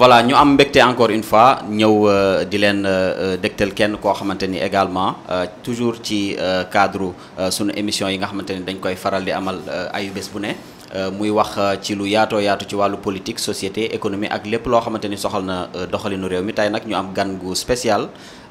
voilà ñu am mbégte encore une fois ñëw euh, di leen euh, euh, dégtal kenn koo xamante ni également toujours ci cadre sunu émission yi nga xamante ni dañ koy faral di amal ayu bés bu ne muy wax ci lu yaatoo yaatu ci wàllu politique société économie ak lépp loo xamante ni soxal na doxalinu réew mi tey nag ñu am gan gu spécial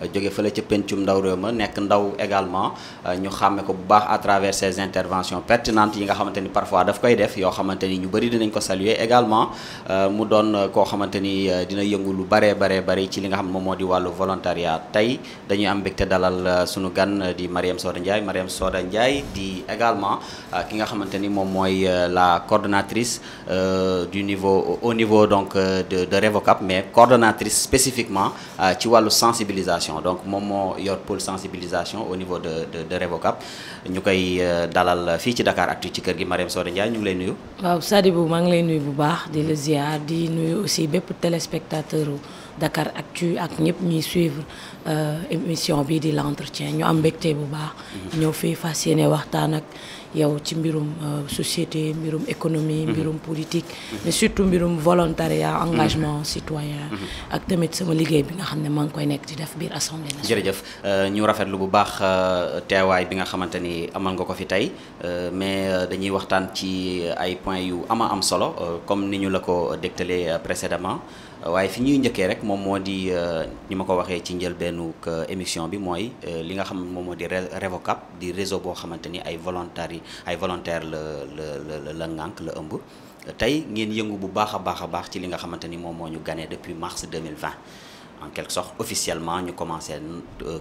jóge fële ci pencum ndaw réew ma ndaw également euh, ñu xamé ko bu baax à travers ses interventions pertinentes yi nga xamanteni parfois daf koy def yo xamanteni ñu bari dinañ ko saluer également euh, mu doon ko xamanteni euh, dina yëngu lu bare bare bare ci li nga xam mom modi walu volontariat tay dañuy am mbégte dalal suñu gan di Mariam Soda Ndiaye Mariam Soda Ndiaye di également ki nga xamanteni mom moy mooy la coordonnatrice du niveau au niveau donc de de Revocap mais coordonnatrice spécifiquement ci walu sensibilisation donc moom moo yor pôle sensibilisation au niveau de de de Révocap ñu koy euh, dalal fii ci Dakar Actu ci kër gi Mariam Soda Ndiaye ñu ngi lay nuyu. waaw Sadibou maa ngi lay nuyu bu baax di la ziar di nuyu aussi bépp téléspectateur Dakar Actu ak ñëpp ñuy suivre euh, émission bi di l'entretien ñu am mbégte bu baax. Mm-hmm. ñëw fii fas yéene waxtaan ak yow ci mbirum euh, société birum économie mbirum politique mais surtout birum volontariat engagement citoyen mhm. ak tamit sama liguey bi nga xamné mang koy nek di def bir assemblée nationale jërëjëf euh, ñu rafetlu bu baax euh, téway bi nga xamante amal nga ko fi tay mais dañuy waxtaan ci ay points yu ama am solo comme ni ñu la ko dégtalee précédemment waaye fi ñuy njëkkee rek moom moo di euh, ni ma ko waxee ci que euh, émission bi mooy euh, li nga xam moom moo di Revocap di réseau boo xamante ni ay volontaires ay volontaires la la la la ngànk la ëmb. tey ngeen yëngu bu baax a baax a baax ci li nga xamante ni moom moo ñu ganee depuis mars 2020 en quelque sorte officiellement ñu commencé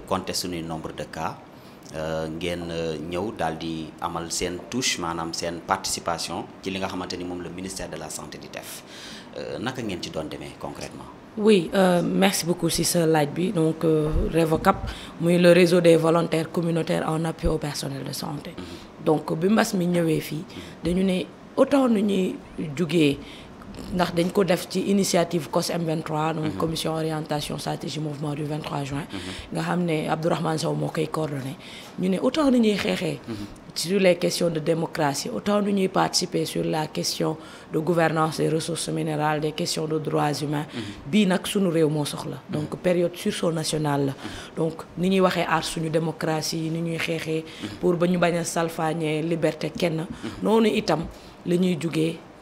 compter suñuy nombre de cas nous avons une di amal touche participation ci li nga le ministère de la santé di def euh, naka petit ci de concrètement oui euh, merci beaucoup si ce Lightby. bi donc euh, REVOCAP le réseau des volontaires communautaires en appui au personnel de santé mm-hmm. donc bi mbas mi ñëwé fi mm-hmm. dañu ne autant nous nous nous avons ko def initiative COSM 23 donc mhm. commission orientation stratégie mouvement du 23 juin mhm. nous avons ne Abdourahmane Sow moo koy coordonné ñu autant ñuy mhm. sur les questions de démocratie autant avons ñuy participer sur la question de gouvernance des ressources minérales des questions de droits humains Nous avons suñu réew période soxla donc période sursaut nationale... la donc ni ñuy waxee aar démocratie Nous avons fait pour que nous puissions a salfaañee liberté kenn noonu itam la ñuy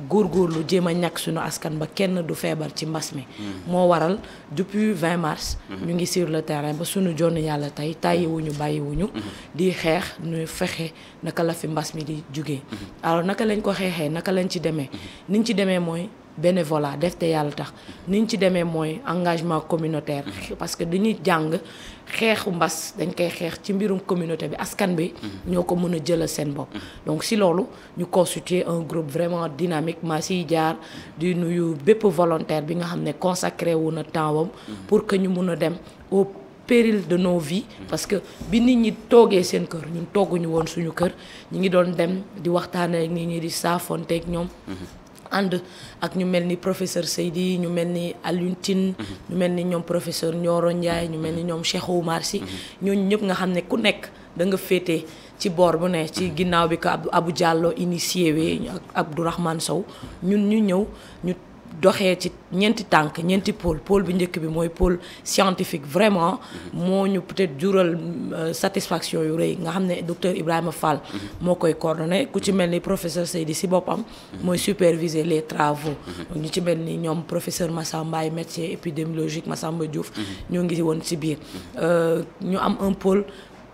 góor góorgóorlu jéem a ñàkk suñu askan ba kenn du feebar ci mbas mi. moo waral depuis 20 mars. ñu ngi sur le terrain ba suñu jonn yàlla tey tàyyiwuñu bàyyiwuñu. di xeex ñu fexe naka la fi mbas mi di jugee. Mhm. alors naka lañ ko xeexee naka lañ ci demee. Mhm. niñ ci demee mooy. bénévolat def te yàlla tax niñ ci démé moy engagement communautaire mhm. parce que dañuy jang xeexu mbass dañ koy xéx ci mbirum communauté bi askan bi mhm. ñoko mëna jël sen bop mhm. donc si lolu ñu constituer un groupe vraiment dynamique maa siy jaar di nuyu bép volontaire bi nga xamné ne consacré wu na temps pour que ñu mëna dem au péril de nos vies parce que bi nit ñi toogee seen kër ñun ñu won suñu cœur ñi ngi doon dem di waxtaan ak nit ñi di safonté saafonteeg ñoom ànd ak ñu mel ni professeur Seydi ñu mel ni Alioune Tine mhm. ñu mel ni ñoom professeur Nioro Ndiaye ñu mel ni mhm. ñoom Cheikh Oumar mhm. ñooñu ñëpp nga xam ne ku nekk da nga féete ci boor bu ne ci ginnaaw bi ko Abdou Diallo initié wee ak Abdourahmane Sow ñun ñu ñëw ñu doxee ci ñenti tank ñenti pôle pôle bi ñëk bi moy pôle scientifique vraiment moo ñu peut-être jural euh, satisfaction yu reuy nga xamné docteur Ibrahima Fall mo koy coordonner ku ci melni professeur Seydi si boppam mooy superviser les travaux ñu ci melni ñom professeur Massamba métier épidémiologique Massamba Diouf ñoo ngi woon ci biir euh, ñu am un pôle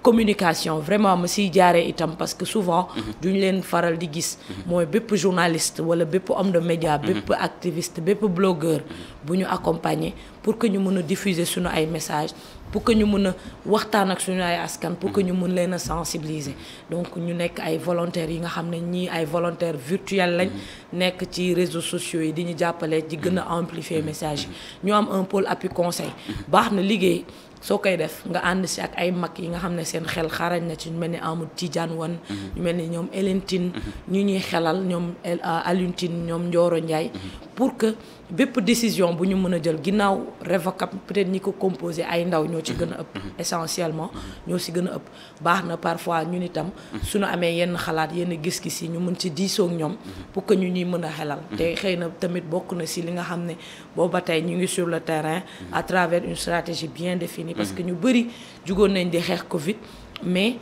communication vraiment ma siy jaaree itam parce que souvent mhm. duñ leen faral di gis moy mhm. bép journaliste wala bép homme de média mhm. bép activiste bép blogueur buñu nous accompagner pour que ñu mëna diffuser suñu ay message pour que ñu mëna a waxtaan ak suñu ay askan pour que ñu mëna les sensibiliser donc ñu nekk ay volontaires yi nga xamné ñi ay volontaires virtuels lañ nekk ci réseaux sociaux yi di ñu jappalé di gëna amplifier message ñu am un pôle appui conseil baax na liggéey soo koy def nga ànd ci ak ay mag yi nga xam ne seen xel xarañ na ci ñu mel ni Amadou Tidiane Wan. Mhm. ñu mel ni ñoom Elentine. Mhm. ñu ñuy xelal ñoom euh, Aluntine ñoom Ndioro Ndiaye mhm. pour que bépp décision bu ñu mën a jël ginnaaw révocable peut-être ñi ko composé ay ndaw ñoo ci gën a ëpp mm-hmm. essentiellement mm-hmm. ñoo ci gën a ëpp baax na parfois ñun itam mm-hmm. suñu amee yenn xalaat yenn gis-gis yi ñu mën ci diisoo ak ñoom pour que ñu ñuy mën a xelal te xëy na tamit bokk na ci li nga xam ne booba tey ñu ngi sur le terrain à travers une stratégie bien définie parce que ñu bëri jugoon nañ di xeex Covid mais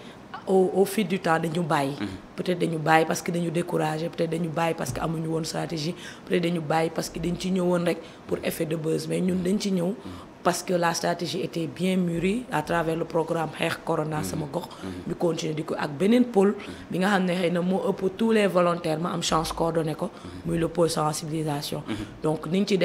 au fil du temps dañu bàyyi. Mhm. peut-être dañu bàyyi parce que dañu découragé peut-être dañu bàyyi parce que amuñu une stratégie peut-être dañu bàyyi parce que dañ ci ñëwoon pour effet de buzz mais nous, dañ ci mhm. parce que la stratégie était bien mûrie à travers le programme herc corona mhm. sama gox. Et continuer di ko ak pôle. bi nga tous les volontaires ma am chance coordonné ko. mais le pôle sensibilisation. donc niñ ci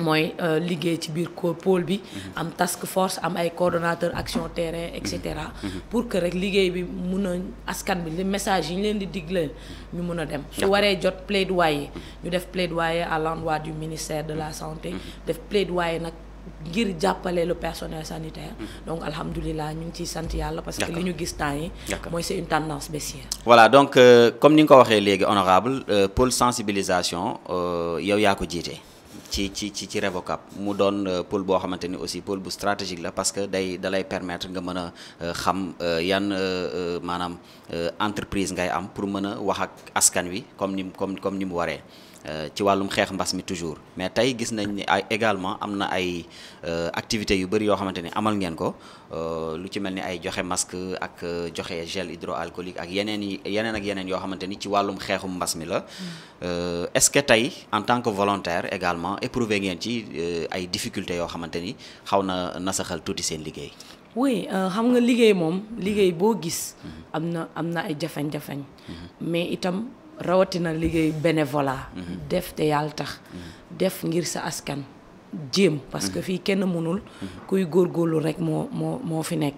moi euh, liggéey ci biir pôle bi. Mhm. am task force am ay coordonnateur action terrain etc. Mhm. Mhm. pour que rek liggéey bi mun a askan bi le message yi ñu leen di diglé ñu mun dem. su jot plaidoyer ñu def plaidoyer à l'endroit du ministère de la santé. def plaidoyer nak ngir jappalé le personnel sanitaire. donc alhamdoulillah ñu ci sante yalla parce que li ñu gis tan yi. moy c'est une tendance baissière. voilà donc euh, comme ni nga ko waxee léegi honorable euh, pôle sensibilisation yow ya ko jiite. ci ci ci ci révocable mu doon euh, pôle boo xamante ni aussi pôle bu stratégique la parce que day dalay permettre nga mën a euh, xam euh, yan maanaam entreprise ngay am pour mën a wax ak askan wi comme ni comme comme ni mu waree Euh, ci wàllum xeex mbas mi toujours mais tey gis nañ ni ay également am na ay euh, activités yu bëri yoo xamante ni amal ngeen ko euh, lu ci mel ni ay joxe masque ak joxe gel hydroalcoolique ak yeneen yi yeneen ak yeneen yoo xamante ni ci wàllum xeexum mbas mi la mm. est-ce que tey en tant que volontaire également éprouvé ngeen ci ay difficultés yoo xamante ni xaw na nasaxal tuuti seen liggéey. oui xam nga liggéey moom liggéey mm-hmm. boo gis. Mm-hmm. am na am na ay jafeñ-jafeñ. Mm-hmm. mais itam. rawatina liggéey bénévolat mhm. def te yàlla tax def ngir sa askan djem parce que mhm. fi kenn mënul mhm. kuy góorgóorlu rek mo mo mo fi nek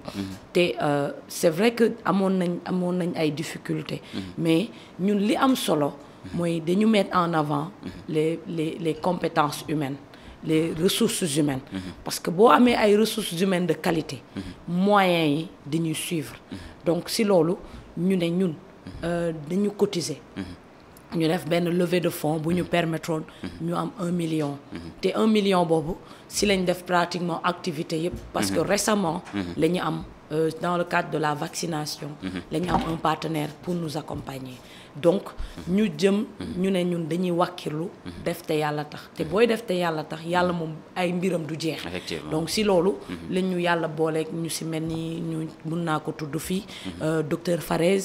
te euh, c'est vrai que amoon nañ amoon nañ ay difficultés mais ñun li am solo moy dañu mettre en avant les les les compétences humaines les ressources humaines parce que bo amé ay ressources humaines de qualité moyens yi dañuy suivre donc si loolu ñu ne ñun nous euh, cotiser. Nous avons fait levée de fonds pour nous mhm. permettre d'avoir mhm. 1 million. Mhm. Et 1 million, si nous avons pratiquement activité, parce que récemment, nous avons euh, dans le cadre de la vaccination nous mhm. avons un partenaire pour nous accompagner donc nous jëm mhm. nous ñun dañuy mhm. def te tax te def te nous tax donc si la nous ñu si euh, docteur Farez,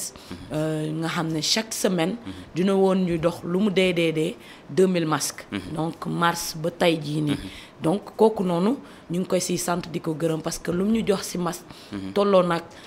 euh, chaque semaine nous 2000 masques donc mars ba donc kooku noonu ñu ngi koy ci sant diko ko gërëm parce que lu ñu jox ci mas mhm. tolo nak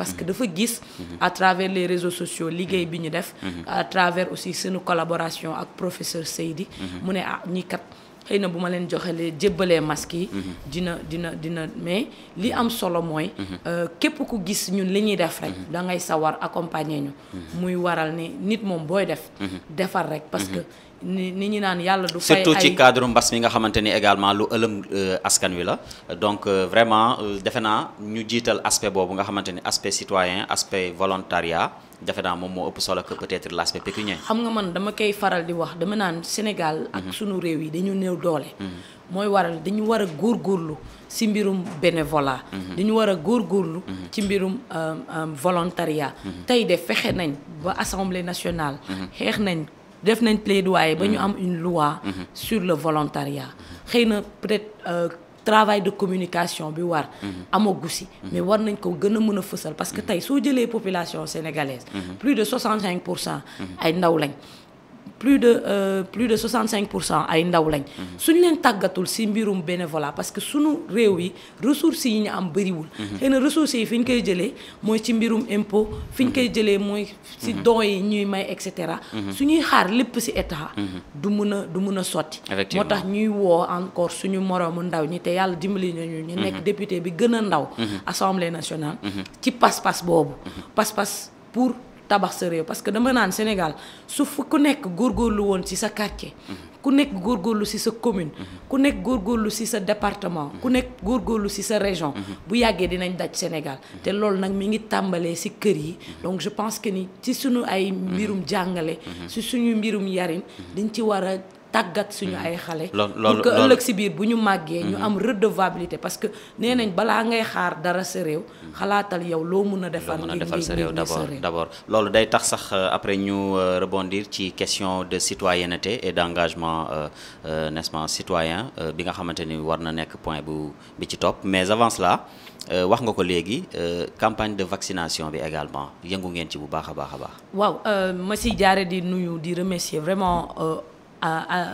parce que dafa à travers les réseaux sociaux à travers aussi suñu collaboration le professeur Seydi mu ah ñi kat masques dina dina mais li am solo euh, képp ku gis ñun rek accompagner ñu muy waral nit boy def mhm. parce que mhm ni ni ñu naan yalla du. fay surtout ci cadre mbass mi nga xamanteni également lu ëlëm euh, askan wi la donc euh, vraiment euh, defe ñu jital aspect bobu nga xamanteni aspect citoyen aspect volontariat defe mom mo upp solo que peut-être l'aspect pécuniaire. xam nga man dama kay faral di wax dama naan Sénégal. ak mhm. suñu réew yi dañu néew doole. moy mhm. waral dañu wara gor gorlu ci mbirum bénévolat. Mhm. dañu wara gor gorlu ci mbirum volontariat. tay de fexé nañ ba assemblée nationale. xex nañ. Nous avons plaidoyer mm-hmm. une loi mm-hmm. sur le volontariat Nous avons peut travail de communication bi war mm-hmm. amo mais war nañ ko gën a parce que tey soo jëlee population sénégalaise plus de 65 sont plus de euh, plus de 65 à cent ay ndaw lañ. Mhm. suñ leen tàggatul si mbirum bénévolat parce que suñu réew yi ressources yi ñu am bëriwul. Mhm. xëy na ressources yi fiñ koy jëlé moy ci mbirum impôt fiñ koy mhm. jëlé moy ci dons yi ñuy may et cetera. suñuy xaar lepp ci état. du mëna du mëna soti. Motax ñuy wo encore suñu morom ndaw ñi té Yalla dimbali ñu ñu nekk député bi gëna ndaw. assemblée nationale. ci passe passe bobu. passe passe pour tabax sa réew parce que dama nan Sénégal su fu ku nekk góorgóorlu won ci sa quartier. ku nekk góorgóorlu ci sa commune. ku nekk góorgóorlu ci sa département. ku nekk góorgóorlu ci sa région. bu yàggee dinañ daj Sénégal té loolu nak mi ngi tambalé ci kër yi donc je pense que ni ci suñu ay mbirum jangalé ci suñu mbirum yarin dañ ci wara tagat suñu mm. ay xale. pour que ëllëg ci biir bu ñu màggee. ñu mm-hmm. am redevabilité parce que nee nañ balaa ngay xaar dara sa réew. Mm-hmm. xalaatal yow loo mun a defar. loo mun a defar sa réew d' abord loolu day tax sax euh, après ñu euh, rebondir ci question de citoyenneté et d' engagement euh, n' est ce pas citoyen bi nga xamante ni war na nekk point bu bi ci topp mais avant cela wax nga ko léegi campagne de vaccination bi également yëngu ngeen ci bu baax a baax a baax. waaw ma si jaare di nuyu di remercier vraiment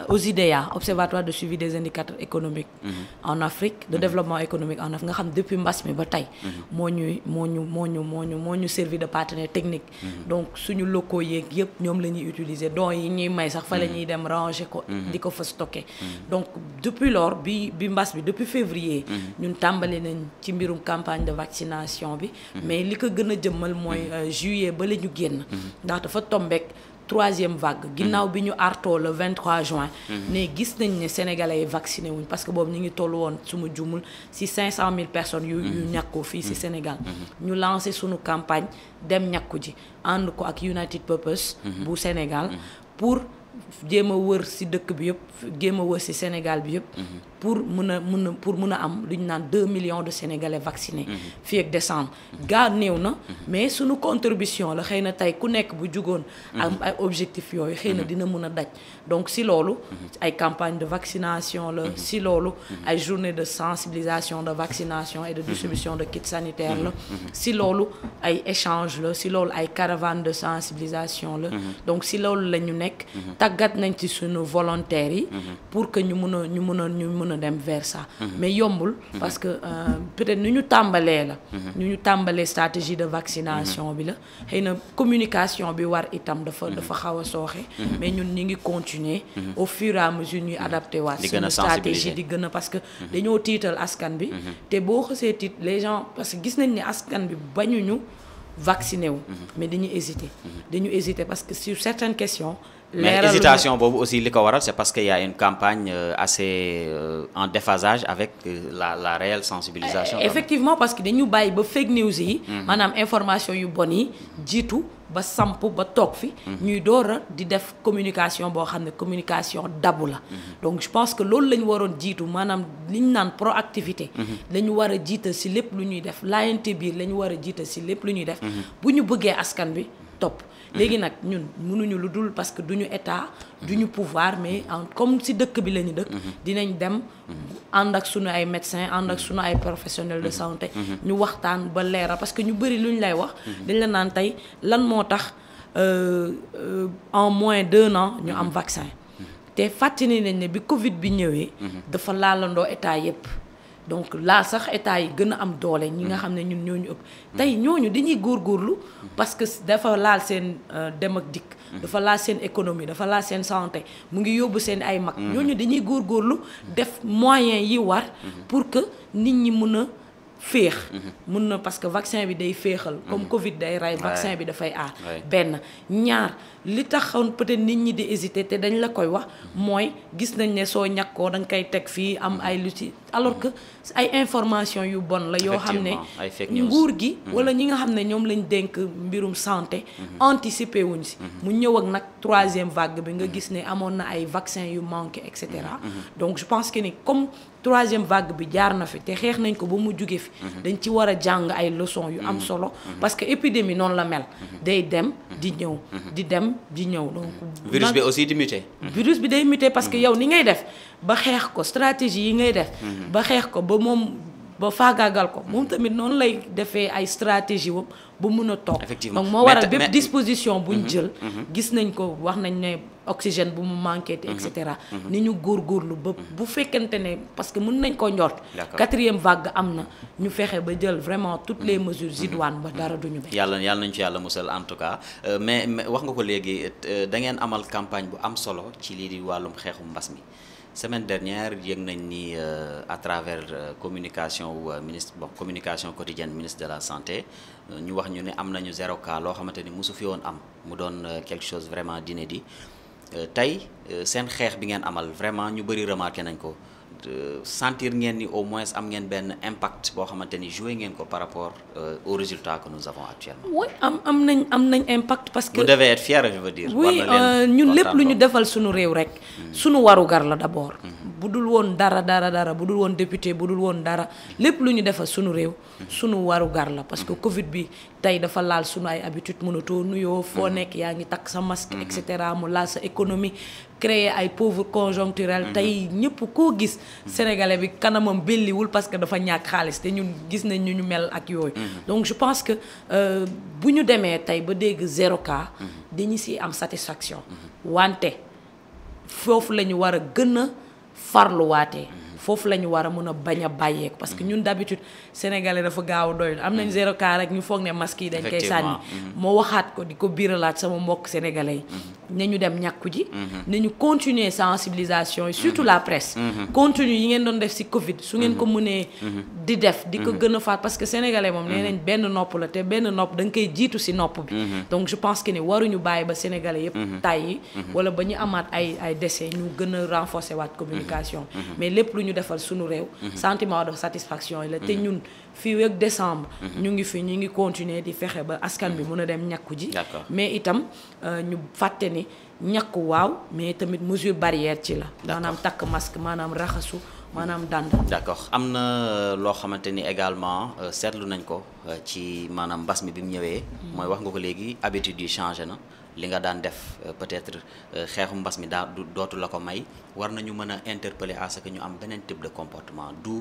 aux IDEA, Observatoire de suivi des indicateurs économiques mm-hmm. en Afrique, de mm-hmm. développement économique en Afrique. Nga xam depuis mbas mi ba tey. Mm-hmm. moo ñuy ñu servi de partenaire technique. donc suñu locaux yeeg yëpp ñoom la utiliser don yi ñuy may sax fa la ranger ko. avons donc depuis lors bi bi depuis février. nous avons nañ ci mbirum campagne de vaccination bi. mais ce que nous avons jëmmal en euh, juillet nous avons fait génn troisième vague. ginnaaw mm-hmm. bi ñu artoo le 23 juin. Mm-hmm. ne gis nañ né sénégalais yi vacciné wuñ parce que boobu ñu ngi toll won suma djumul ci 500000 personnes. yu yu mm-hmm. ñàkkoo fi ci Sénégal. ñu lancer sunu campagne dem ñàkku ji ànd ko ak United Purpose. bu Sénégal pour djema wër ci dëkk bi yëpp djema wër ci Sénégal bi yëpp pour nous, nous pour am 2 millions de sénégalais vaccinés. Mhm. fi ak décembre. ga mhm. mais suñu contribution la xeyna tay avons ku nekk bu jugone mhm. am objectifs donc si lolu ay campagne de vaccination la. si lolu ay journée de sensibilisation de vaccination et de distribution de kits sanitaires la. si lolu ay échange la si lolu ay caravane de sensibilisation la. donc si lolu la ñu nekk. nañ ci suñu volontaires pour que nous puissions vers ça. mais yombul parce que euh, peut-être nous nous tambalé la. nous mhm. nous tambalé stratégie de vaccination bi la une mhm. communication bi war itam dafa mhm. de xaw soxé mais nous ñu ngi continuer. au fur et à mesure ñuy adapté wa di stratégie di parce que dañoo tiital askan bi. té bo xé tiit les gens parce que gis nañ ni askan bi bañuñu vacciné vacciner mais nous hésiter dañu hésiter parce que sur certaines questions mais hésitation aussi c'est parce qu'il y a une campagne euh, assez euh, en déphasage avec euh, la réelle sensibilisation. Eh, eh, effectivement parce que nous avons fake news yi. Mhm. information yu bon fi. Mhm. communication boo communication mhm. donc je pense que loolu nous nous avons proactivité. Nous nous nous def si def top légui nak ñun mënuñu luddul parce que duñu état duñu pouvoir mais comme si dëkk bi lañu dëkk dinañ dem and ak sunu ay médecins and ak sunu ay professionnels de santé ñu waxtaan ba léra parce que ñu bëri luñ lay wax dañ la naan tay lan mo tax euh, euh, en moins d'un an ñu am vaccin té fatini nañ ne bi covid bi ñëwé dafa laalandoo état yépp donc laa sax état yi gëna am doole ñi nga mm. xam ñun ñoñu ëpp tay ñoñu dañuy góorgóorlu mm. parce que dafa laal seen euh, dem ak dikk mm. dafa laal seen économie dafa laal seen santé mu ngi yóbbu seen ay mag ñoñu dañuy góorgóorlu def moyen yi war mm-hmm. pour que nit ñi mëna a féex mm-hmm. mun na parce que vaccin bi day féexal comme mm-hmm. covid day ray vaccin bi dafay aar benn ñaar li taxone peut-être nit ñi di hésiter dañ la koy wax gis nañ am mm-hmm. alors que information yu bonne la yo xamné nguur gi mm-hmm. wala ñi nga mbirum mm-hmm. anticiper mu ñëw troisième vague bi nga gis ay vaccin yu manqué donc je pense que comme troisième vague bi jaar fi nañ ko leçons parce que épidémie la mel di ñëw donc. virus bi aussi di muté. virus bi day muté parce que mm-hmm. yow ni ngay def ba xeex ko stratégie yi ngay def. Mm-hmm. ba xeex ko ba moom. ba faagaagal ko moom tamit noonu lay defee ay stratégie wam ba mun a toog donc moo waral bépp disposition buñ mhm, jël mhm. gis nañ ko wax nañ ne oxygène bu mu manqué et mhm, cetera ni ñu góorgóorlu ba bu fekkente ne parce que mën nañ ko njort quatrième vague am na ñu fexe ba jël vraiment toutes les mesures idoines ba dara duñu be yàlla yàlla nañ ci yàlla musal en tout cas euh, mais wax nga ko léegi euh, da ngeen amal campagne bu am solo ci lii di wàllum xeexu mbas mi semaine dernière yëg nañ ni euh, à travers euh, communication ou euh, ministre bon communication quotidienne ministre de la santé ñu wax ñu ne zéro cas loo xamante ni mosu fi woon am mu doon quelque chose vraiment d'inédit tey c'est un bi ngeen amal vraiment ñu bëri remarqué nañ ko sentir ngeen ni au moins am ngeen ben impact bo xamante jouer ko par rapport euh, au résultat que nous avons actuellement. oui am am nañ am nañ impact parce que. vous devez être fier je veux dire. oui euh, ñun lepp lu ñu defal suñu rew rek. Hmm. suñu gar la d'abord hmm. Budul won dara dara dara budul won député budul won dara lépp luñu ñu suñu sunu réew mhm. sunu warugar la parce que mhm. Covid bi tay dafa laal suñu ay habitude mënatoo nuyoo foo mhm. nekk yaa ngi takk sa masque etc. mu laal sa économie créer ay pauvre conjoncturel tay ñepp ko gis sénégalais bi kanamam belliwul parce que dafa ñàkk xaalis té ñun gis nañ ñu ñu mel ak yoy donc je pense que euh, bu ñu demee tey ba dégg zéro cas dañu ci am satisfaction wanté fofu lañu wara gëna farluwaatee foofu la ñu war a mën a bañ a bàyyeeku parce ñun d'habitude sénégalais dafa gaaw doyul am nañ mm-hmm. zéro cas rek ñu foog ne masque yi dañ koy sànni mm-hmm. moo waxaat ko di ko biiralaat sama mbokk sénégalais yi mm-hmm. nañu dem ñàkku ji nañu continuer sensibilisation surtout la presse continue yi ngeen doon def si covid su ngeen ko mënee di def di ko gën a faat parce que sénégalais moom nee nañ benn nopp la te benn nopp da nga koy jiitu si nopp bi donc je pense que ne waruñu bàyyi ba sénégalais yëpp tàyyi wala ba ñu amaat ay ay décès ñu gën a renforcer waat communication mais lépp lu ñu defal suñu réew sentiment de satisfaction et la te ñun fii week décembre. Mhm. ñu ngi fi ñu ngi continuer di fexe ba askan bi mën mhm. a dem ñàkku ji. mais itam euh, ñu fàtte ni ñàkku waaw mais tamit mesure barrière ci la. maanaam takk masque maanaam raxasu. maanaam dànd. d'accord am na euh, loo xamante ni également euh, seetlu nañ ko ci maanaam mbas mi bi mu ñëwee. Mhm. mooy wax nga ko léegi habitude yi changé na li nga daan def peut-être xeexu mbas mi daa dootu la ko may war na ñu mën a interpeller à que ñu am beneen type de comportement du.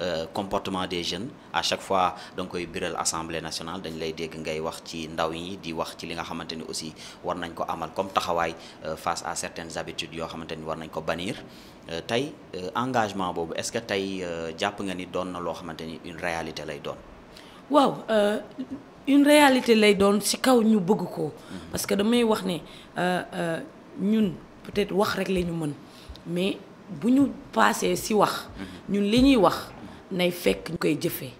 Euh, comportement des jeunes à chaque fois donc nga koy biral assemblée nationale dañ lay dégg ngay wax ci ndaw yi di wax ci li nga xamante aussi war nañ ko amal comme taxawaay euh, face à certaines habitudes yo xamante ni war nañ ko bannir euh, tay engagement boobu est-ce que tay japp nga ni don na loo xamante une réalité lay doon. waaw une réalité lay don ci kaw ñu bëgg ko. Mhm. parce que damay wax euh euh ñun peut-être wax rek lañu ñu mën mais buñu passé paasee ci wax. Mhm. ñun liñuy wax nay fekk ñu koy jëfee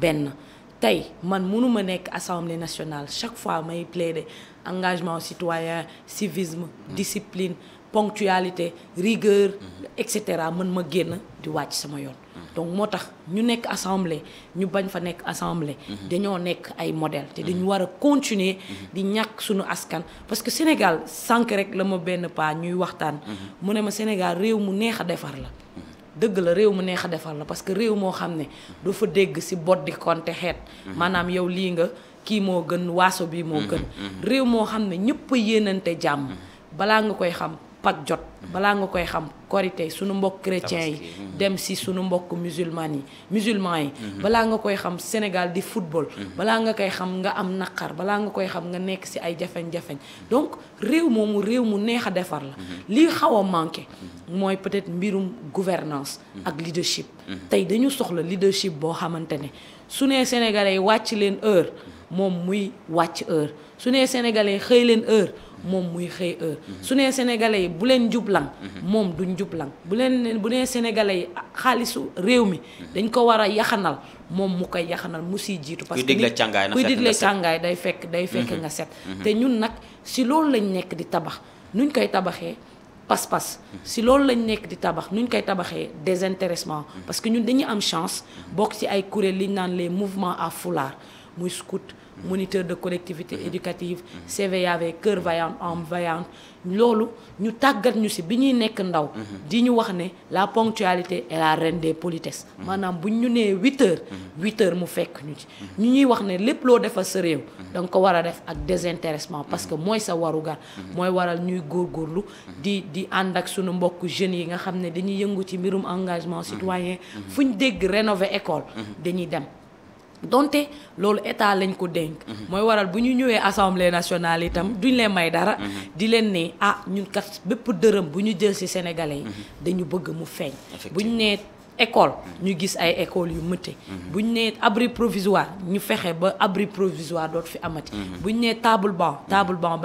benn tey man mënuma nekk assemblée nationale chaque fois may plaider engagement citoyen civisme hmm. discipline ponctualité rigueur hmm. etc. cetera man ma génn di wàcc sama yoon hmm. donc moo tax ñu nekk assemblée ñu bañ fa nekk assemblée dañoo nekk ay modèle te dañu war continuer di ñàkk suñu askan parce que Sénégal sans que rek la ma benn pas ñuy waxtaan mu ne ma Sénégal réew mu neex defar la dëgg la réew mu neex a defar la parce que réew moo xam ne du fa dégg si bot di konte xeet mhm. maanaam yow lii nga kii moo gën waaso bi moo mhm. gën mhm. réew moo xam ne ñëpp a yéenante jàmm balaa nga koy xam pat jot balaa nga koy xam korité sunu mbokk chrétiens yi mhm. dem si sunu mbokk musulman yi musulman yi mhm. balaa nga koy xam Sénégal di football mhm. balaa nga koy xam nga am naqar balaa nga koy xam nga nekk si ay jafeñ-jafeñ donc réew moomu réew mu neex a defar la lii xaw a manqué mooy peut-être mbirum gouvernance ak leadership tey dañu soxla leadership boo xamante ne su nee sénégalais yi wàcc leen heure moom muy wàcc heure su nee sénégalais xëy leen heure mom muy xey heure su sénégalais yi bu leen jublang mhm. mom duñ jublang bu len bu né sénégalais yi réew mhm. dañ ko wara yaxanal mu koy yaxanal parce que kuy digle day fekk day fekk mhm. nga set té ñun si lool lañ nekk di tabax nuñ koy tabaxé pas-pas si lool lañ di tabax nuñ koy désintéressement parce que ñun dañuy am chance bok ci ay kuréel li nane les mouvements à foulard muy moniteur de collectivité mm-hmm. éducative mm-hmm. CVAV Cœur mm-hmm. Vaillant âme vaillante loolu ñu tàggat ñu si bi nek ndaw di ñu wax né la ponctualité est la reine des politesses manam buñ ñu nee huit heures huit heures mu fekk ñu ci ñu ñuy wax né lepp lo defal sa rew dang ko wara def ak désintéressement parce que moy sa warugar moy waral ñuy gorlu di di ànd ak suñu mbokk jeunes yi nga xamné dañuy yëngu ci mbirum engagement citoyen fuñ dégg rénover école dañuy dem donte loolu état lañ ko denk moy mhm. waral buñu assemblée nationale itam mhm. duñ leen may dara. Mhm. di len né ah ñun kat jël ci sénégalais dañu bëgg mu feñ buñ école ñu gis ay école yu mëtte buñ abri provisoire ñu fexé ba abri provisoire dootu fi amati. buñ table banc table banc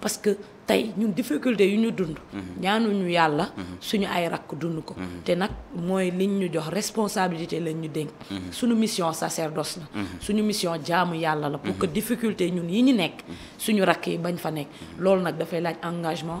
parce que. tey ñun difficulté yu ñu dund mhm. ñaanuñu yàlla mhm. suñu ay rakk dund ko mhm. te nag mooy liñ ñu jox responsabilité lañ ñu dénk suñu mission sacerdoce la suñu mission jaamu yàlla la pour que difficulté ñun yi ñu nekk suñu rakk yi bañ fa nekk loolu nag dafay laaj engagement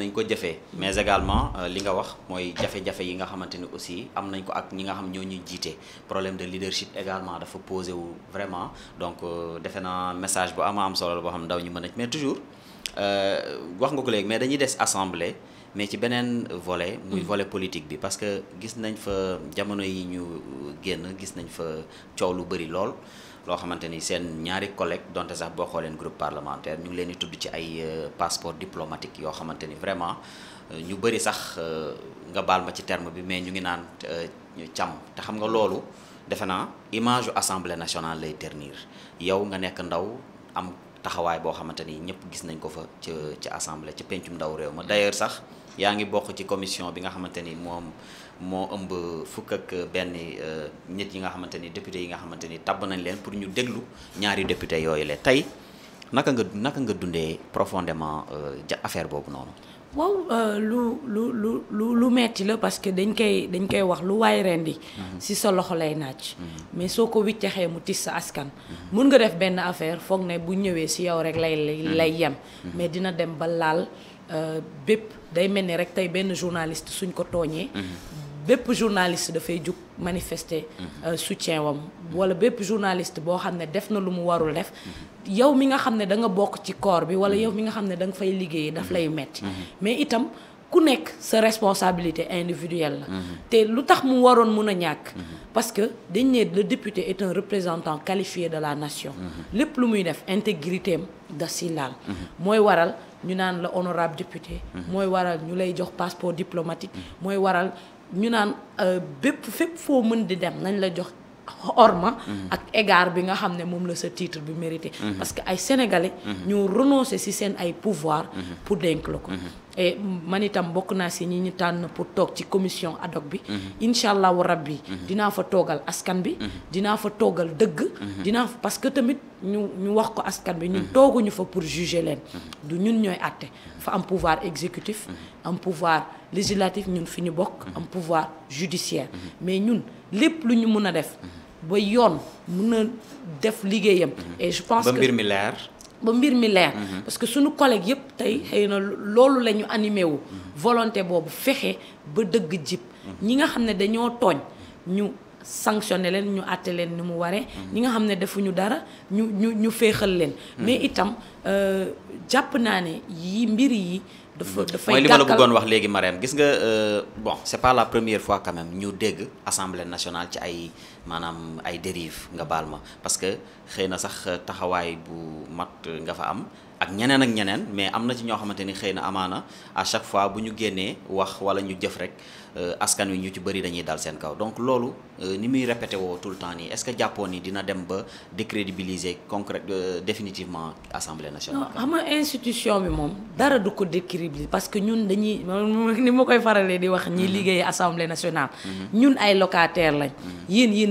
nañ ko jëfee mais également euh, li nga wax moy jafé jafé yi nga xamante aussi am nañ ko ak ñi nga xam ñoo ñuy jité problème de leadership également dafa posé wu vraiment donc euh, defe message bu ama am solo bo, xam ndaw ñu mëna mais toujours euh, wax nga ko léegi mais dañuy des assemblée mais ci benen volet muy mm. volet politique bi parce que gis nañ fa jamono yi ñu génn gis nañ fa coow lu lool loo xamante ni seen ñaari collègue donte sax boo xooleen groupe parlementaire ñu ngi leen di tudd ci ay euh, passeport diplomatique yoo xamante ni vraiment euh, ñu bëri sax euh, nga baal ma ci terme bi mais ñu ngi naan càmm te xam nga loolu defe naa image u assemblée nationale lay ternir yow nga nekk ndaw am taxawaay boo xamante ni ñëpp gis nañ ko fa ca ca assemblée ca pencum ndaw réew ma d'ailleurs sax yaa ngi bokk ci commission bi nga xamante ni moom moo ëmb fukk ak benn euh, nit yi nga xamante ni député yi nga xamante ni tabb nañ leen pour ñu déglu ñaari député yooyu la tey naka nga naka nga dundee profondément euh, ja affaire boobu noonu. waaw euh, lu lu lu lu lu metti la parce que dañ koy dañ koy wax lu waay rendi mhm. si sa loxo lay nàcc mhm. mais soo ko wiccaxee mu tis sa askan. Mhm. mun nga def benn affaire foog ne bu ñëwee si yow rek lay lay yem. mais dina dem ba laal euh, bépp day mel ni rek tey benn journaliste suñ ko tooñee. bépp journaliste fay juk manifester mhm. euh, soutien wam wala bépp journaliste bo xamné def na lu mu warul def yow mi nga xamné da nga bok ci corps bi wala mhm. yow mi nga xamné da nga fay liggéey daf mhm. lay metti mais itam ku nekk sa responsabilité individuelle la te lu tax mu waroon mun a ñàkk parce que dañ ne le député est un représentant qualifié de la nation lépp lu muy def intégrité am da si laal mooy waral ñu naan la honorable député mooy waral ñu lay jox passeport diplomatique mooy waral nous euh, avons bépp mën dem nañ la mhm. égard bi titre mérité mhm. parce que ay sénégalais nous mhm. renoncent ci pouvoir pour nous et man itam bokk na ci ñi ñu tan pour tok ci commission ad hoc bi. Mhm. inshallah allahu rabbi mhm. dinaa fa togal askan bi. Mhm. dina fa togal deug dina parce que tamit ñu ñu wax ko askan bi ñu ñun ñu fa pour juger leen. du ñun ñoy atté fa am pouvoir exécutif. am pouvoir législatif ñun fi ñu bokk. am pouvoir judiciaire. mais ñun lepp lu ñu mëna def. ba yoon mëna def liggéeyam. et je pense que ba mbir mhm. parce que suñu nos collègues, tey xëy na loolu la ñu animé wu. Mhm. volonté boobu fexe ba dëgg jib. Mhm. ñi nga xam ne dañoo tooñ ñu. sanctionné leen ñu àtte leen ni mu waree ñi nga xam dara ñu ñu ñu féexal leen mais itam euh, jàpp naa ne yi mbir yi dafa dafay mooy li ma la bëggoon wax léegi Mariam gis nga euh, bon c'est pas la première fois quand même ñu dégg assemblée nationale ci ay maanaam ay dérive nga baal ma parce que xëy na sax taxawaay bu mat nga fa am ak ñeneen ak ñeneen mais am na ci ñoo xamante ni xëy na amaana à chaque fois bu ñu génnee wax walla ñu jëf rekk euh, askan wi ñu ci bëri dañuy dal seen kaw donc loolu euh, ni muy répété woo tout temps nii est-ce que jàppoon ni dina dem ba décrédibiliser concret euh, définitivement assemblée nationale. xam nga institution bi moom dara du ko décrédibiliser parce que ñun dañuy ni ma koy faralee di wax. ñi mm-hmm. liggéey assemblée nationale. Mm-hmm. ñun ay locataire lañ. Mm-hmm. yéen yéen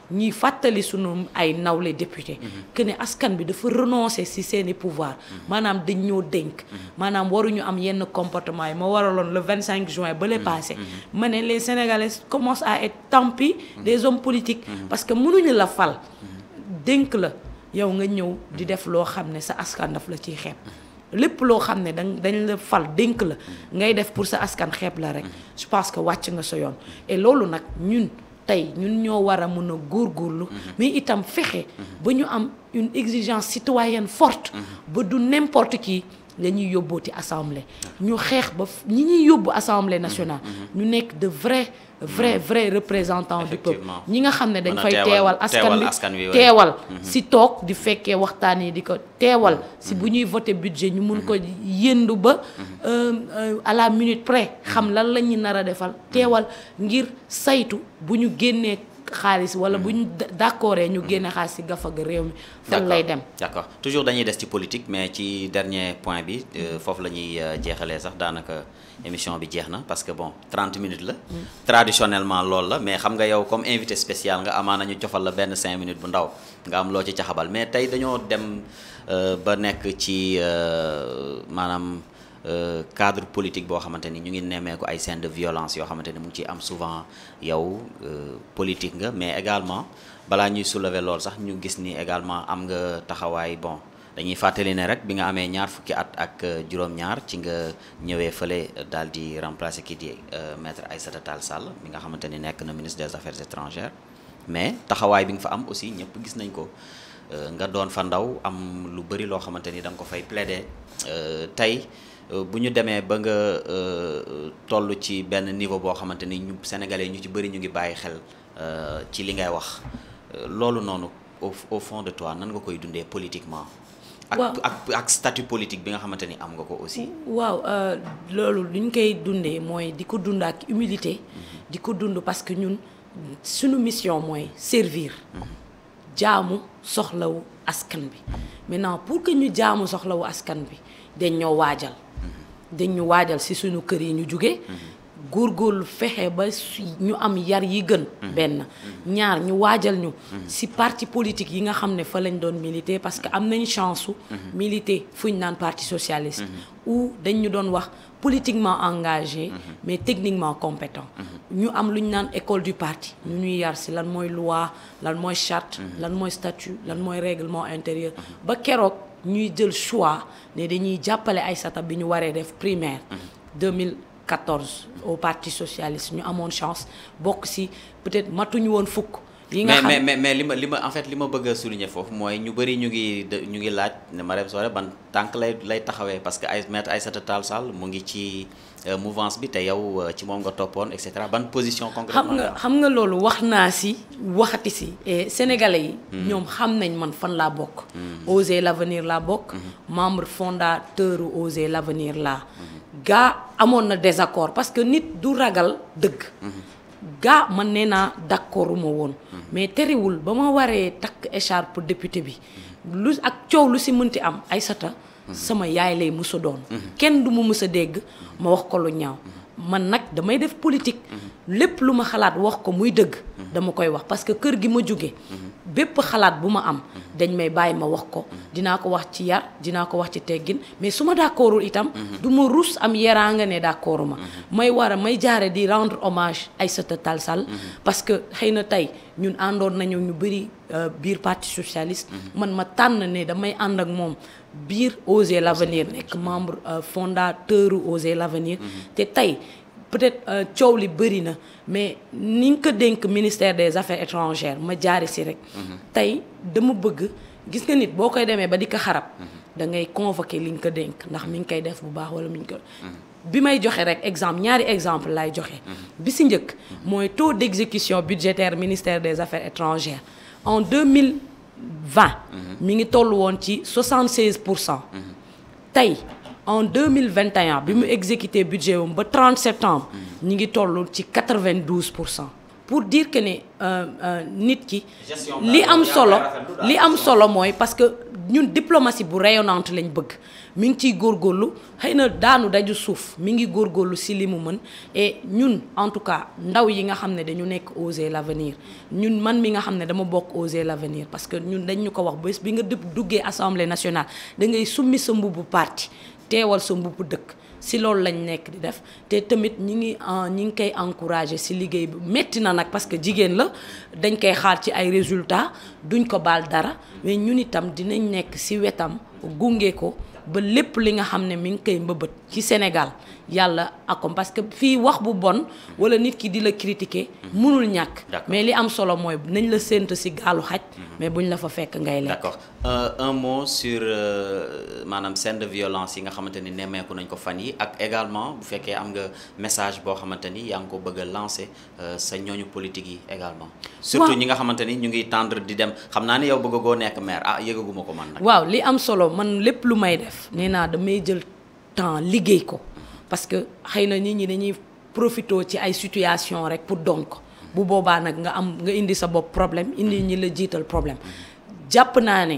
ñuy fàttali sunu ay nawle député mhm. que ne askan bi dafa renoncer ci seeni pouvoir manam mhm. dañ denk manam mhm. waru ñu am yenn comportement yi ma le 25 juin ba le passé mané les sénégalais commencent à être tampi des hommes politiques parce que ñu la fal denk la yow nga ñëw di def lo xamné sa askan daf la ci xép lépp lo xamné dañ la fal denk la ngay def pour sa askan xép la rek je pense que wacc nga sa yoon et lolu nak ñun tay ñun ñoo wara a mën a góorgóorlu mhm. mais itam fexe mhm. ba ñu am une exigence citoyenne forte mhm. ba du n'importe qui la ñuy yóbbooti assemblée ñu xeex ba ñi ñuy yóbbu assemblée mm-hmm. nationale mm-hmm. ñu nekk de vrai vrai mm-hmm. vrai représentant du peuple ñi nga xam ne dañ fay teewal askan wi teewal si toog di fekkee waxtaan yi di ko teewal si bu ñuy budget ñu mun ko yëndu ba euh, euh, à la minute près xam lan la ñuy nar a defal teewal ngir saytu bu ñu génnee xaalis wala bu ñu hmm. d'accord ñu génne hmm. xaalis ci gafaga réew mi fan lay dem d'accord toujours dañuy des ci politique mais ci dernier point bi euh, hmm. foofu la ñuy euh, jeexalee sax daanaka émission bi jeex na parce que bon trente minutes la traditionnellement loolu la mais xam nga yow comme invité spécial nga amaan nañu cofal la benn 5 minutes bu ndaw nga am loo ci xabal mais tey dañoo dem euh, ba nekk ci maanaam Euh, cadre politique boo xamante ni ñu ngi nemmee ko ay scènes de violence yoo xamante mu ci am souvent yow euh, politique nga mais également balaa ñuy soulever lool sax ñu gis ni également am nga taxawaay bon dañuy fàttali ne rek bi nga amee ñaar fukki at ak euh, juróom-ñaar ci nga ñëwee fële daal di remplacer kii di maître ay Tall Sall bi nga xamante ni nekk na ministre des affaires étrangères mais taxawaay bi nga fa am aussi ñëpp gis nañ ko. nga doon fa ndaw am lu bëri loo xamante ni da nga ko fay plaider tey. Euh, bu ñu demee ba nga euh, tollu ci ben niveau bo xamanteni ñu sénégalais ñu ci bëri ñu ngi bayyi xel euh, ci li ngay wax lolu nonu au fond de toi nan nga koy dundé politiquement. ak ak ak statut politique bi nga xamanteni am nga ko aussi. waaw euh lolu ñu koy dundé moy di ko dund ak humilité. Mm-hmm. di ko dund parce que ñun suñu mission moy servir. Mm-hmm. jaamu soxlawu askan bi mm-hmm. maintenant pour que ñu jaamu soxlawu askan bi dañ ñoo waajal dañ ñu waajal si suñu kër yi ñu jóge góorgóorlu fexé ba ñu am yar yi gën ben ñaar ñu waajal ñu si parti politique yi nga xamné fa lañ doon militer parce que am nañ chance su militer fuñ nane parti socialiste ou dañ ñu doon wax politiquement engagé mais techniquement compétent ñu am luñ nane école du parti ñu ñuy yar si lan moy loi lan moy charte lan moy statut lan moy règlement intérieur ba kérok ñuy le choix de dañuy appeler Aïssata bi ñu primaire. 2014 mhm. au parti socialiste avons une chance peut-être que nous fukk. yi mais mais mais en fait souligner nous ban parce que ay maître Aïssata Talsal, euh, mouvance bi te yow euh, ci mom nga toppoon et cetera ban position concrètement xam nga xam nga loolu wax naa si waxati si et sénégalais yi hmm. ñoom xam nañ man fan la bok hmm. Oser l'avenir la bok hmm. membre fondateur Oser l'avenir la ga amoon na désaccord parce que nit du ragal deug ga man néna naa d'accord ma woon mais téréwul bama waré tak écharpe député bi lu ak coow lu si mënti am Aïssata sama yaay lay mus a doon kenn du mu mus a dégg ma wax ko lu ñaaw man nag damay def politique mhm. lépp lu ma xalaat wax ko muy dëgg dama koy wax parce que kër gi ma jóge mhm. bépp xalaat bu ma am dañ may bàyyi ma wax ko dinaa ko wax ci yar dinaa ko wax ci teggin mais su ma d'accordul itam du ma rus am yaraa nga ne d'accordu ma may war a may jaare di rendre hommage ay Tall Sall parce que xëy na tey ñun àndoon nañu ñu bëri euh, biir partie socialiste man ma tànn ne damay ànd ak moom biir Oser l'avenir nekk membre euh, fondateur Oser l'avenir mhm. te tey peut-être euh, coow li bëri na mais niñ ko denk ministère des affaires étrangères ma jaari ci rek. Mhm. tey dama bëgg gis nga nit bokay démé ba di ko xarab. Mhm. da ngay convoquer liñ ko denk ndax mi ngi koy def bu baax wala miñ ko. Mhm. bi may joxe rek exemple ñaari exemple lay joxe. bi si njëkk mooy taux d'exécution budgétaire ministère des affaires étrangères en 2020. mi ngi toll woon ci 76 tey en 2021 bi exécuté budget 30 septembre nous hmm. ngi 92 pour dire que nous, euh, euh, nit ki li am solo li parce que nous diplomatie bu rayonnante lañ mi ngi daanu mi ngi et ñun en tout cas ndaw yi nga dañu l'avenir ñun man mi nga l'avenir parce que ñun dañ wax bi nga nationale da ngay parti teewal sa mbubbu dëkk si lolou lañ nekk di def té tamit ñi ngi ah, ñi ngi koy encouragé si liguey bi métti na nak parce que jigen la dañ koy xaar ci ay résultats duñ ko bal dara mais ñun itam dinañ nekk si wétam gungé ko ba lépp li nga xamné mi ngi kay mbëbët ci Sénégal yàlla akom parce que fi wax bu bon wala nit ki di la critiquer mënul mhm. mais li am solo mooy nañ la sént si gaalu xaj mhm. mais buñ la fa fekk ngay lekk d'accord euh, un mot sur euh, maanaam scène de violence yi nga xamante ni nemmeeku nañ ko fan yi ak également bu fekkee am nga message bo xamante ni yaa ngi ko bëgg lancer euh, sa ñooñu politique yi également surtout ñi nga xamante ni ñu ngi tendre di dem xam naa ni yow bëgg goo nekk maire ah yëgaguma ko man waaw li am solo man lépp lu may def nee naa damay jël temps liggéey ko parce que xëy ñi ñi dañuy profito ci ay situation rek pour donc bu boba nak nga am nga indi sa bopp problème indi ñi la jital problème japp naa ne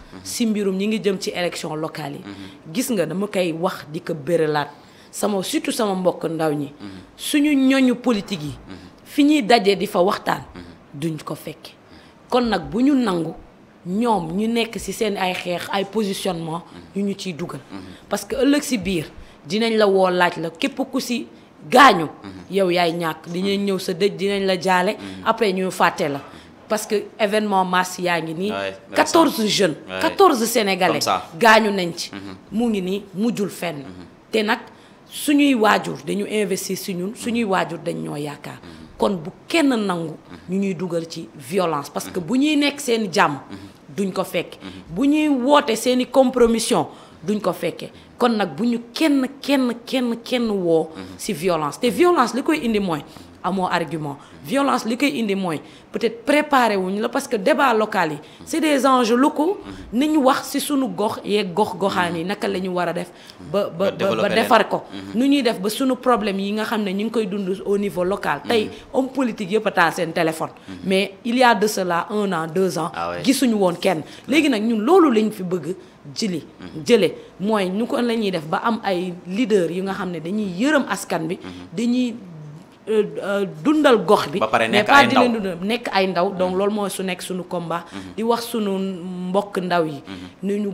si mbirum ñi ngi jëm ci élection locale yi gis nga dama koy wax di ko bëralaat sama surtout sama mbokk ndaw ñi suñu ñoñu politique yi fi ñuy dajee di fa waxtaan duñ ko fekke kon nag bu ñu nangu ñoom ñu nekk ci seen ay xeex ay positionnement yu ñu ciy dugal parce que ëllëg ci biir dinañ la woo laaj la képp ku ci gaañu yow yaay ñàkk dinañ ñëw sa dëj dinañ la jaale après ñu fàtte la parce que événement masse 14 jeunes. 14 sénégalais nous nañ ci. Mhm. mu ngi ni fenn. Mhm. té nak suñuy dañu investir suñuy wajur dañ ñoo yaaka mhm. kon bu kenn nangu. ñuy ci violence. parce que bu ñuy nek seen jam duñ ko fekk bu ñuy woté seen compromission duñ ko fekke kon nak bu ñu kenn kenn kenn kenn si violence te violence likoy indi amoo argument violence li koy indi mooy peut-être préparé wuñu la parce que débat local c'est des enjeux locaux ni ñu wax ci sunu gox yeeg gox goxaan yi naka la ñu war a def ba ba ba defar ko mhm. nu ñuy def ba sunu problème yi nga xam ne koy dund au niveau local mhm. tay on politique yëpp a taal seen téléphone mhm. mais il y a de cela un an deux ans ah gisuñu woon kenn léegi nag ñun loolu lañ fi bëgg jëli jële mooy ñu ko la ñuy def ba am ay leader yu nga xam ne dañuy yërëm askan bi dañuy Euh, euh, dundal gox bi. ba pare nekk ay ndaw mais pas di dundal nekk ay ndaw mm-hmm. donc loolu mooy su nekk sunu combat. Mm-hmm. di wax suñu mbokk ndaw yi. Mm-hmm. ni ñu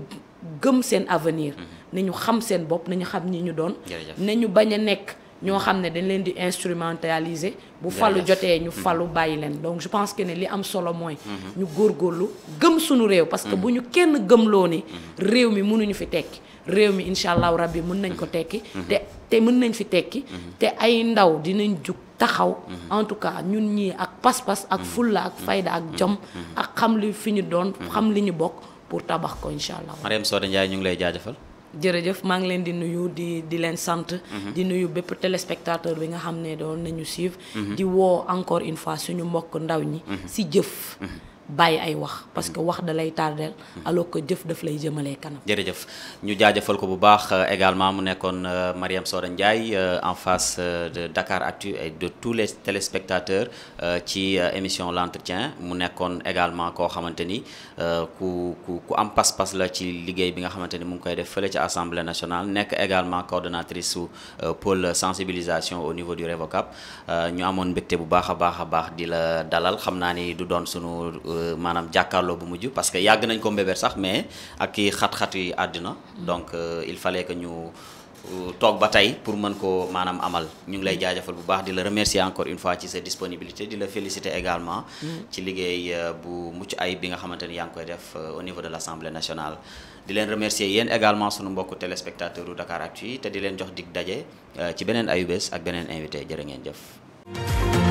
gëm seen avenir. na ñu xam seen bopp na ñu xam ñi ñu doon. na ñu bañ a nekk. Nous avons des dañ instrumentalisés bu fallu ñu mm-hmm. donc je pense que né li am solo mooy mm-hmm. ñu gëm suñu réew parce que mm-hmm. buñu nous kenn réew mi mënuñu fi réew mi te mën te ay ndaw dinañ taxaw en tout cas ñun ñi ak pas-pas ak fulla ak fayda ak jom ak xam li fiñu doon xam pour tabax ko jërëjëf maa ngi leen di nuyu di di leen sant. Mhm. di nuyu bépp téléspectateur bi nga xam ne doon nañu suivre. Mhm. di woo encore une fois suñu mbokk ndaw ñi. Mhm. si jëf. bàyyi ay wax parce que mm-hmm. wax dalay tardel tardeel mm-hmm. alors que jëf daf lay jëmalee kanam. jërëjëf ñu jaajëfal ko bu baax euh, également mu nekkon euh, Mariam Soda Ndiaye euh, en face de Dakar Actu et de tous les téléspectateurs ci émission l'entretien mu nekkon également ko xamanteni ku ku ku am pass pass la ci liguey bi nga xamanteni mu ngi koy def feulé ci assemblée nationale nekk également coordonnatrice su pôle sensibilisation au niveau du REVOCAP ñu amone mbégte bu baaxa baaxa baax a di la dalal xam ni du doon sunu. Euh, manam jakarlo bu mujj parce que yag nañ ko mbéber sax mais ak kii xat-xat yi àddina donc euh, il fallait que ñu euh, tok ba tey pour mën ko manam amal ñu ngi lay jaajëfal bu baax di la remercier encore une fois ci sa disponibilité di la féliciter également mm. ci liggéey bu mucc ay bi nga xamanteni yang koy def au niveau de l'Assemblée nationale di leen remercier yéen également sunu mbokk téléspectateurs Dakar Actu té di len jox dig dajé ci beneen ayubés ak benen invité jërë ngeen jëf